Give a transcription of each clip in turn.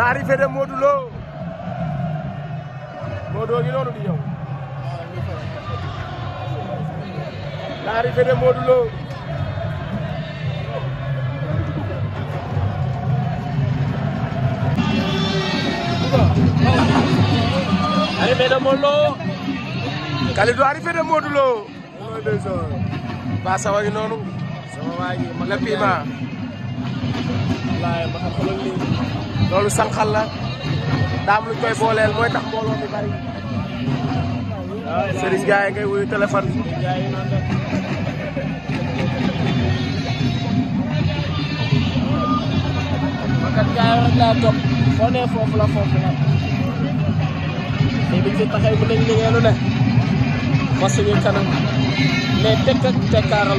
l'arrivée de Modou Lo Modou ngi noonu di ñëw l'arrivée de Modou Lo arrivée de Modou Lo de Modou Lo ba sawa ngi noonu sama waa ngi ma la piment wallaahi ba xam loolu sànqal daam lu koy booleel mooy tax mbooloo mi bari Serigne Ndiaye ngay wuyu téléphone makat gaay foo nee foofu la foofu la léegi ci taxay bu nañ liggéey lu ne ma suñu kanam mais tekk ak tekkaaral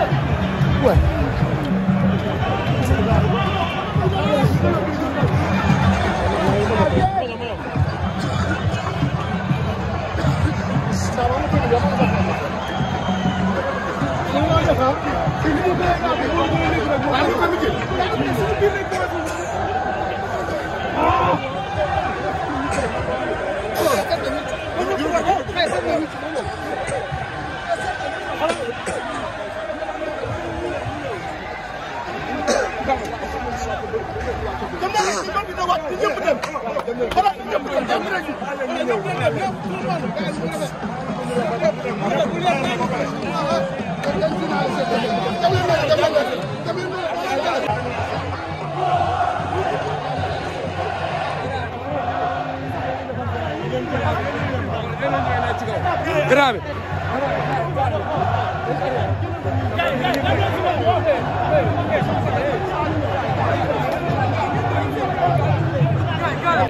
Ouais. Thank you. na waat ñëpp dem xalaat ñëpp dem dem rek ñëpp dem grave. Hey, hey, hey,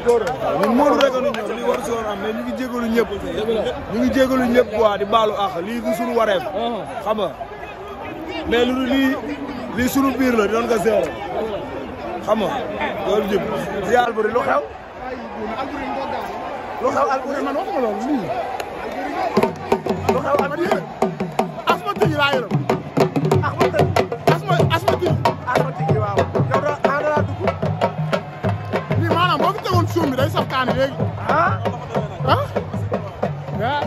d'accord ñun Modou rek a ñu ñor lii waru si mais ñu ngi jégalu ñëpp. ñu ngi jégalu ñëpp quoi di baalu àq lii du suñu wareef. xam nga mais lu lii lii suñu biir la doon nga seere xam nga loolu jëm si Alboury lu xew. lu xew Alboury man waxuma loolu lii. lu xew Alboury. asma tëj laa yërëm. day saf kaani léegi ah ah